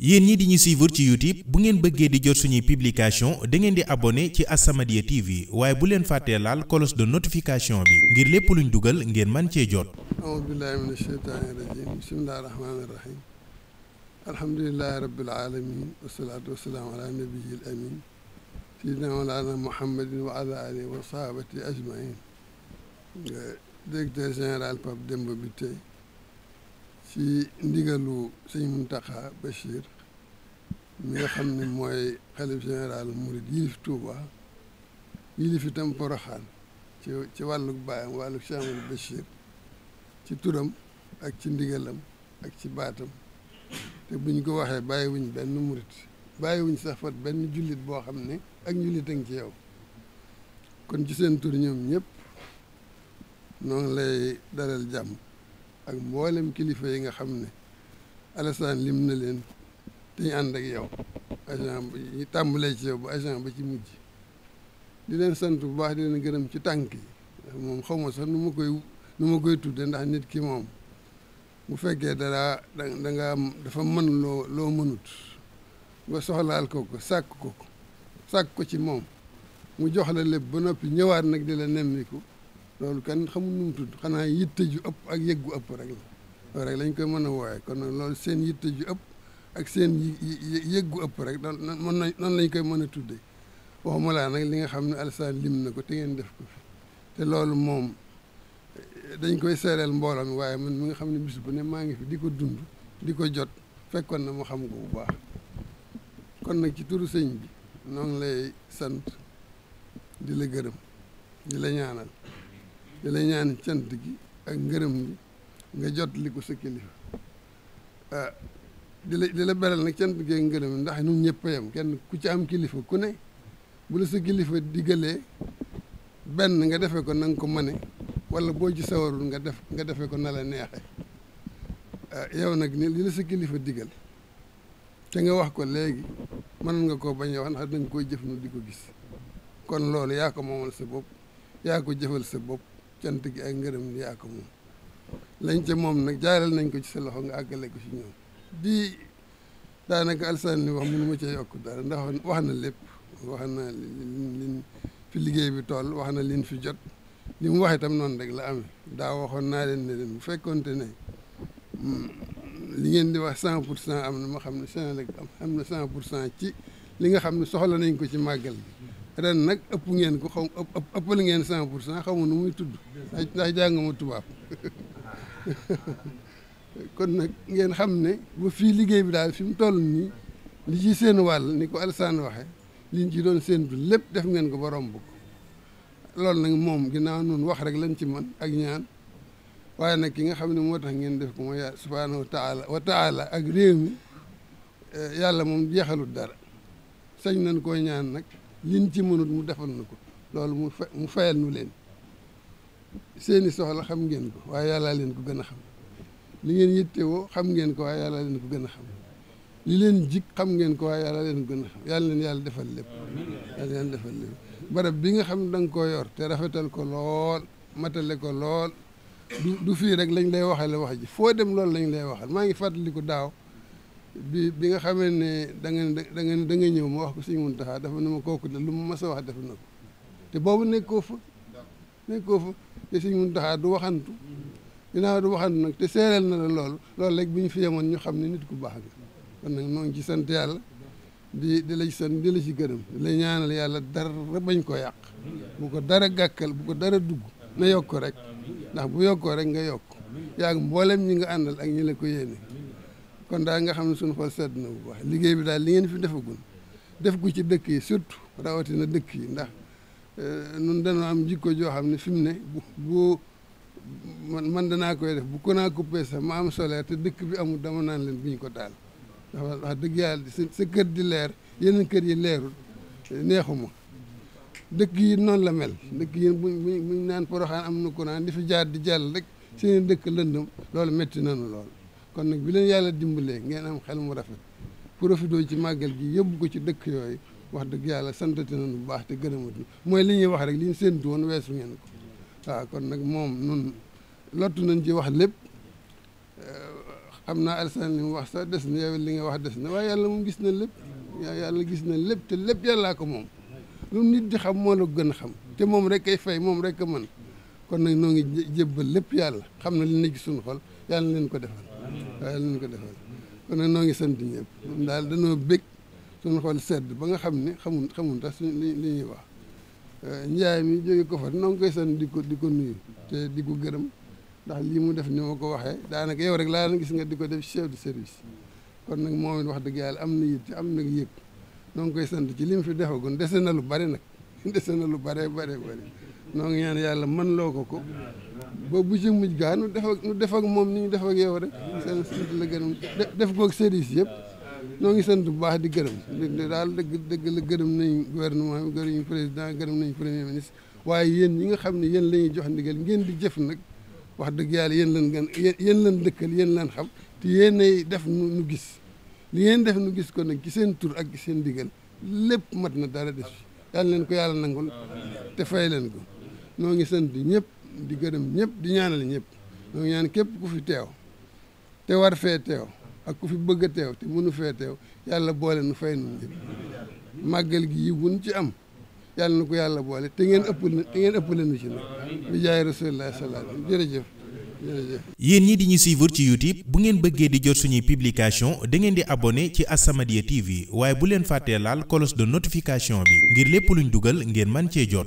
yéen ñi di ñu suivre ci YouTube bu ngeen bëggee di jot suñuy publication da ngeen di abonné ci As-Samadiyya TV waaye bu leen fàttee laal cloche de notification bi ngir lépp luñ dugal ngeen man cee jot aoudu billahi min asheytaani rajim bismillahi rahmaani rahim alhamdulilahi rabbil wa ala alihi wa sahabati ajmain directeur général Pape ci ndigalu sëñ Muntaxa Bachir mi nga xam ne mooy xalif général murid yilif Touba yilif itam Poroxaan ci ci wàllug baayam wàllug ci turam ak ci ndigalam ak ci baatam buñ ko waxee bàyyiwuñ benn murit bàyyiwuñ sax fat benn jullit boo xam ne ak njullit ci yow kon ci seen tur ñoom ñëpp noonu lay daral jàmm ak mboolem kilifa yi nga xam ne Alassane lim na leen te ñu ànd ak yow agent bi ñu tàmbalee ci ba agent ba ci mujj di leen sant bu baax di leen gërëm ci tànk yi moom xaw ma sax nu ma koy nu ma koy tudde ndax nit ki moom bu fekkee dara da dafa mën loo loo mënut nga soxlaal ko ko sàkk ko ko sàkk ko ci moom mu jox la lépp ba noppi ñëwaat nag di la nemmiku loolu kenn xamul nu mu tudd xanaa yitte ju ëpp ak yëggu ëpp rek rek lañ koy mën a wooye kon nag loolu seen yitte ju ëpp ak seen yëggu ëpp rek doon mën na noonu lañ koy mën a tuddee waxuma laa nag li nga xam ne Alassane lim na ko te ngeen def loolu moom dañ koy seereel mbooloo waaye man mi nga xam ne bis bu ne maa ngi fi di ko dund di ko jot fekkoon na mu xam ko bu baax kon nag ci turu sëñ bi noo lay sant di la gërëm di la ñaanal di ñaan cant gi ak ngërëm nga jot li ko sa kilifa ah, di la di la nag cant gi ak ndax ñun ñëpp yam kenn ku ci am kilifa ku ne bu la sa kilifa digalee benn nga defee ko na nga ko mane wala boo ci sawarul nga def nga defee ko na la neexee ah, yow nag ni li la sa kilifa digal te nga wax ko léegi mënoon nga koo bañ wax ndax da nga koy jëf nu di ko gis kon loolu yaa ko moomal sa bopp yaa ko jëfal sa bopp cant gi ak ngërëm li yaa ko moom lañ ca moom nag jaaral nañ ko ci sa loxo nga àggale ko ci ñoom di daanaka alsaan ni wax mënu ma cee yokk dara ndax wax na lépp wax na liñ fi bi toll wax na liñ fi jot li mu wax itam noonu rek la amee daa waxoon naa leen ne leen bu fekkonte ne mm, li ngeen di wax cent cent am na ma xam ne Senelec am na cent pour cent ci li nga xam ne soxla nañ ko ci màggal ren nag ëpp ngeen ko xaw ëppal ngeen cent pour cent xaw ma nu muy tudd ndax jànguma tubaab kon nag ngeen xam ne ba fii liggéey bi daal fi mu toll nii li ci seen wàll ni ko Alassane waxe liñ ci doon seen séentu lépp def ngeen ko ba romb ko loolu nag moom ginnaaw nun wax rek lañ ci man ak ñaan waaye nag ki nga xam ne moo tax ngeen def ko mooy subhaanahu wa taala wa taala ak réew mi eh, yàlla moom jeexalut dara sañ nañ koo ñaan nag liñ ci mënut mu defal na ko loolu mu fa mu fayal nu leen seeni soxla xam ngeen ko waaye yàlla leen ko gën a xam li ngeen yittewoo xam ngeen ko waaye yàllaa leen ko gën a xam li leen jik xam ngeen ko waaye yàlla leen ko gën a xam yàlla leen yàlla defal lépp yàlla defal lépp barab bi nga xam danga ko yor te rafetal ko lool matale ko lool du du fii rek lañ lay waxale wax ji foo dem loolu lañ lay waxal maa ngi fàttaliku daaw bi bi nga xamee ne da ngeen da ngeen da ngeen ñëw ma wax ko suñu Muntaxa dafa ne ma kooku de lu mu mas a wax def na te boobu nekkoo fa nekkoo fa te suñu Muntaxa du waxantu ginnaaw du waxantu nag te seereel na la loolu loolu rek bu ñu fi yemoon ñu xam ne nit ku baax nga kon nag noo ngi ci sant yàlla di di la ci sant di la ci gërëm di la ñaanal yàlla dara bañ ko yàq bu ko dara gàkkal bu ko dara dugg na yokk rek ndax bu yokkoo rek nga yokk yaa ngi mboolem ñi nga àndal ak ñi la ko yéene kon daa nga xam ne suñu xol sedd na bu liggéey bi daal li ngeen fi defagun def gu ci dëkk yi surtout rawatina dëkk yi ndax eh, nun dañoo am jikko joo xam ne fi mu ne bu man man danaa koy def bu ko naa coupé ma am solaire te dëkk bi amul dama naan leen bu ko daal ndax wax dëgg yàlla sa kër di leer yeneen kër yi leerul eh, neexuma dëkk yi noonu la mel dëkk yi buñ buñ buñ naan poroxaan am na naan di fi jaar di jàll rek seen dëkk lëndëm loolu metti nanu lool kon nag bi leen yàlla dimbalee ngeen am xel mu rafet profitoo ci màggal gi yóbbu ko ci dëkk yooyu wax dëgg yàlla santati nañu bu baax te gërëmati mooy li ñuy wax rek li ñu séentu woon weesu ngeen ko kon nag moom nun lottu nañ ci wax lépp eh, xam naa alsan li mu wax sax des na yow li nga wax des na waaye yàlla moom gis na lépp yàlla gis na lépp te lépp yàllaa ko moom lu nit di xam moo la gën xam te moom rek ay fay moom rek a mën kon nag noo ngi jébbal lépp yàlla xam na li nekk ci suñu xol yàlla leen ko defal waaye ko defal kon nag noo ngi sant ñëpp ñun daal dañoo bég suñu xol sedd ba nga xam ne xamun xamun tas suñ li ñuy euh, njaay mi jóge ko fa noo ngi koy sant di ko di ko nuyu di ko gërëm ndax lii mu def ni ko waxee daanaka yow rek laa gis nga di ko def chef de service kon nag moom wax dëgg yàlla am na yitte am nag yëg noo ngi koy sant ci lim fi defagun dese na lu bari nag dese na lu bare bare bari noo ñaan yàlla man loo ko ko boobu bu ci mujj gaanu nu def def ak moom ni ñu def ak yow rek seen sant def koog service yëpp ñoo ngi sant bu baax di gërëm daal dëgg dëgg la gërëm nañ gouvernement bi gërëm nañ président gërëm nañ premier ministre waaye yéen ñi nga xam ne yéen la ñuy jox ndigal ngeen di jëf nag wax dëgg yàlla yéen lan gan yéen lan dëkkal yéen lan xam te yéenay def nu gis li ngeen def nu gis ko nag ci tur ak ci seen ndigal lépp mat na dara des yàlla leen ko yàlla nangul te fay leen ko noo ngi sant ñëpp di gërëm ñëpp di ñaanal ñëpp donc ñaan képp ku fi teew te war fee teew ak ku fi bëgg a teew te mënu fee teew yàlla boole nu fay nu ñëpp màggal gi yi buñ ci am yàlla na ko yàlla boole te ngeen ëpp te ngeen ëpp leen ci nag bi jaay rasulullah sallallahu alayhi yéen ñi di ñu suivre ci YouTube bu ngeen bëggee di jot suñuy publication da ngeen di abonné ci As-Samadiyya TV waaye bu leen fàttee laal cloche de notification bi ngir lépp luñ dugal ngeen man cee jot.